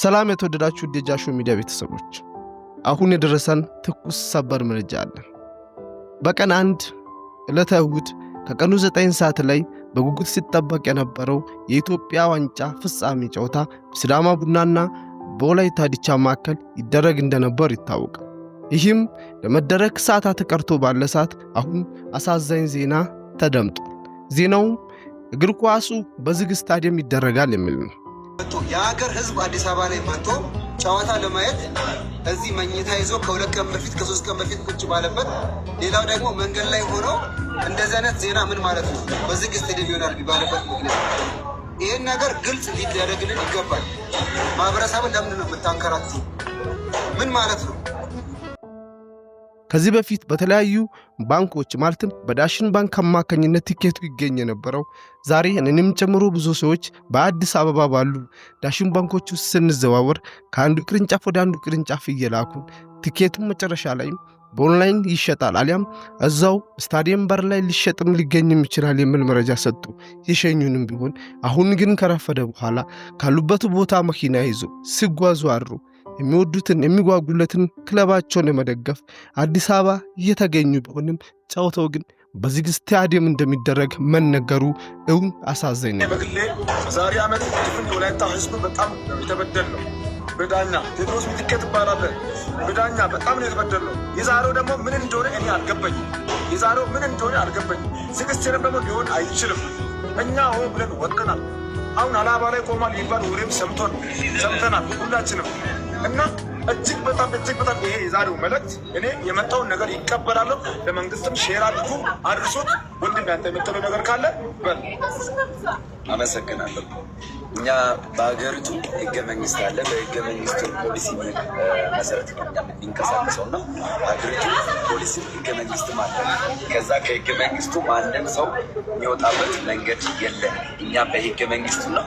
ሰላም የተወደዳችሁ የጃሾ ሚዲያ ቤተሰቦች፣ አሁን የደረሰን ትኩስ ሰበር መረጃ አለ። በቀን አንድ ዕለተ እሁድ ከቀኑ 9 ሰዓት ላይ በጉጉት ሲጠበቅ የነበረው የኢትዮጵያ ዋንጫ ፍጻሜ ጨዋታ ሲዳማ ቡናና በወላይታ ዲቻ መካከል ይደረግ እንደነበር ይታወቃል። ይህም ለመደረግ ሰዓታት ቀርቶ ባለ ሰዓት አሁን አሳዛኝ ዜና ተደምጧል። ዜናውም እግር ኳሱ በዝግ ስታዲየም ይደረጋል የሚል ነው። የሀገር ህዝብ አዲስ አበባ ላይ መጥቶ ጨዋታ ለማየት እዚህ መኝታ ይዞ ከሁለት ቀን በፊት ከሶስት ቀን በፊት ቁጭ ባለበት፣ ሌላው ደግሞ መንገድ ላይ ሆነው እንደዚህ አይነት ዜና ምን ማለት ነው በዚህ ግስት ይሆናል ቢባለበት ምክንያት ይህን ነገር ግልጽ ሊደረግልን ይገባል። ማህበረሰብን ለምንድን ነው የምታንከራት? ምን ማለት ነው? ከዚህ በፊት በተለያዩ ባንኮች ማለትም በዳሽን ባንክ አማካኝነት ቲኬቱ ይገኝ የነበረው ዛሬ እኔንም ጨምሮ ብዙ ሰዎች በአዲስ አበባ ባሉ ዳሽን ባንኮች ውስጥ ስንዘዋወር ከአንዱ ቅርንጫፍ ወደ አንዱ ቅርንጫፍ እየላኩን ቲኬቱን መጨረሻ ላይም በኦንላይን ይሸጣል አሊያም እዛው ስታዲየም በር ላይ ሊሸጥም ሊገኝም ይችላል የሚል መረጃ ሰጡ። የሸኙንም ቢሆን አሁን ግን ከረፈደ በኋላ ካሉበት ቦታ መኪና ይዞ ሲጓዙ አድሩ። የሚወዱትን የሚጓጉለትን ክለባቸውን ለመደገፍ አዲስ አበባ እየተገኙ ቢሆንም ጨዋታው ግን በዚህ ስታዲየም እንደሚደረግ መነገሩ እውን አሳዘኝ ነው። በግሌ በዛሬ ዓመት ድፍን የወላይታ ህዝብ በጣም የተበደል ነው። በዳኛ ቴድሮስ ምትኬ ትባላለህ። በዳኛ በጣም ነው የተበደል ነው። የዛሬው ደግሞ ምን እንደሆነ እኔ አልገባኝም። የዛሬው ምን እንደሆነ አልገባኝም። ስግስት ደግሞ ሊሆን አይችልም። እኛ ሆ ብለን ወቅናል አሁን አላባ ላይ ቆሟል የሚባል ወሬም ሰምቶን ሰምተናል ሁላችንም እና እጅግ በጣም እጅግ በጣም ይሄ የዛሬው መልእክት እኔ የመጣውን ነገር ይቀበላለሁ። ለመንግስትም ሼር አድርጉ አድርሱት። ወንድም ያንተ የምትለው ነገር ካለ በል። አመሰግናለሁ። እኛ በሀገሪቱ ህገ መንግስት አለ። በህገ መንግስቱ ፖሊሲ መሰረት የሚንቀሳቀሰው እና ሀገሪቱ ፖሊሲ ህገ መንግስት አለ። ከዛ ከህገ መንግስቱ ማንም ሰው የሚወጣበት መንገድ የለም። እኛ በህገ መንግስቱ መንግስቱና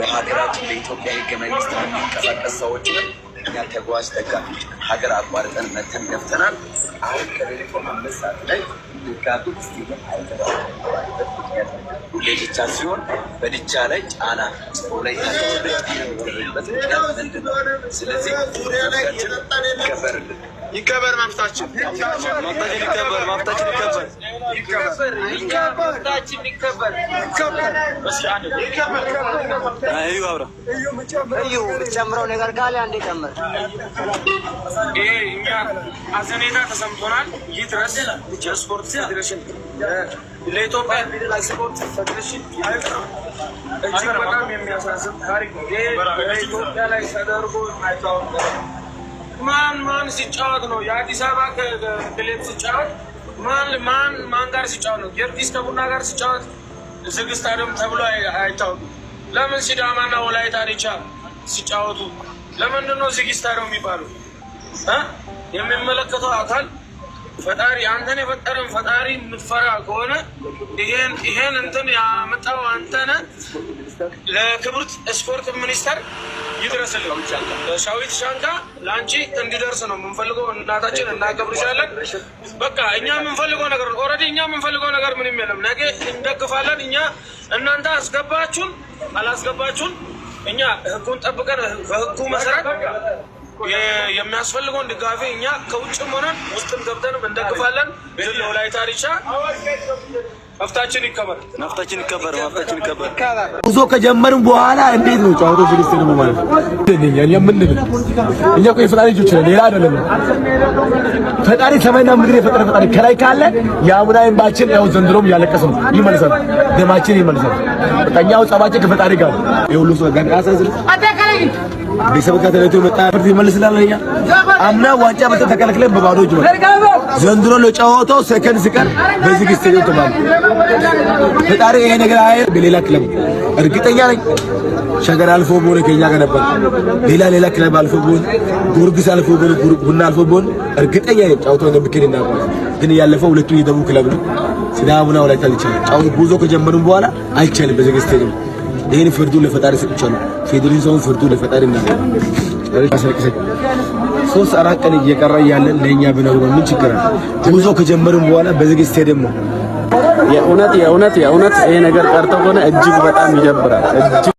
በሀገራቱ በኢትዮጵያ ህገ መንግስት የሚንቀሳቀስ ሰዎች እኛ ተጓዝ ደጋፊዎች ሀገር አቋርጠን መተን ገብተናል። አሁን ከሌሊቱ አምስት ሰዓት ላይ ድጋቱ ስቲዲየም ምክንያት ሁሌ ድቻ ሲሆን በድቻ ላይ ጫና ላይ ስለዚህ ይከበር መብታችን ይከበር መብታችን ይከበር የምትጨምረው ነገር ካለ አንዴ ጨምር። እኛ አዘኔታ ተሰምቶናል። ይህ ድረስ ፌዴሬሽን ለኢትዮጵያ ስፖርት ፌዴሬሽን እጅግ በጣም የሚያሳስብ ታሪክ ነው። ኢትዮጵያ ላይ ተደርጎ የማይታወቅ ማን ማን ሲጫወት ነው? የአዲስ አበባ ክሌብ ሲጫወት ማን ማን ማን ጋር ሲጫወት ነው? ጊዮርጊስ ከቡና ጋር ሲጫወት ዝግ ስታዲየም ተብሎ አይታወቅም። ለምን ሲዳማና ወላይታ ዲቻ ሲጫወቱ ለምንድነው ዝግ ስታዲየም የሚባሉ የሚመለከተው አካል ፈጣሪ አንተን የፈጠረን ፈጣሪ የምትፈራ ከሆነ ይሄን እንትን ያመጣው አንተነ ለክብርት ስፖርት ሚኒስተር ይድረስልህ። ሻዊት ሻንካ ለአንቺ እንዲደርስ ነው የምንፈልገው። እናታችን እናከብርሻለን። በቃ እኛ የምንፈልገው ነገር ኦልሬዲ እኛ የምንፈልገው ነገር ምንም የለም። ነገ እንደግፋለን። እኛ እናንተ አስገባችሁን አላስገባችሁን እኛ ህጉን ጠብቀን በህጉ መሰረት የሚያስፈልገውን ድጋፌ እኛ ከውጭም ሆነን ውስጥም ገብተንም እንደግፋለን። ወላይታ ዲቻ መፍታችን ይከበር፣ መፍታችን ይከበር፣ መፍታችን ይከበር። ጉዞ ከጀመርን በኋላ እንዴት ነው ጫወቶ ነው ማለት እኛ እኮ የፈጣሪ ልጆች ነን፣ ሌላ አይደለም። ፈጣሪ ሰማይና ምድር የፈጠረ ፈጣሪ ከላይ ካለ የአምና እንባችን ያው ዘንድሮም ነው ደማችን እኛው ጸባችን ከፈጣሪ ጋር የሁሉ ሰው ጋር ቤተሰብ ጋር ተለይቶ መጣ ፍርድ ይመልስላል። ለኛ አምና ዋንጫ መጥተን ተከልክለን በባዶ እጅ ዘንድሮ ለጨዋታው ሰከንድ ሲቀር በዚህ ግስቴ ነው ተባለ። ፈጣሪ ይሄ ነገር አይ በሌላ ክለብ እርግጠኛ ነኝ ሸገር አልፎ ቢሆን ከኛ ጋር ነበር። ሌላ ሌላ ክለብ አልፎ ቢሆን ጊዮርጊስ አልፎ ቢሆን ቡና አልፎ ቢሆን እርግጠኛ ነኝ ጨዋታው እንደሚካሄድ እናውቃለን። ግን ያለፈው ሁለቱ የደቡብ ክለብ ነው። ሲዳሙና ወላይታ ይችላል። ጨዋታው ጉዞ ከጀመሩ በኋላ አይቻልም በዚህ ግስቴ ነው ይህን ፍርዱ ለፈጣሪ ሰጥቻለሁ። ፌዴሬሽን ፍርዱ ለፈጣሪ ሶስት አራት ቀን እየቀረ ያለ ለእኛ ብነሩ ምን ችግር አለ? ጉዞ ከጀመርን በኋላ በዝግ ስቴዲየም ነው። የእውነት የእውነት የእውነት ይሄ ነገር ቀርቶ ከሆነ እጅግ በጣም ይደብራል።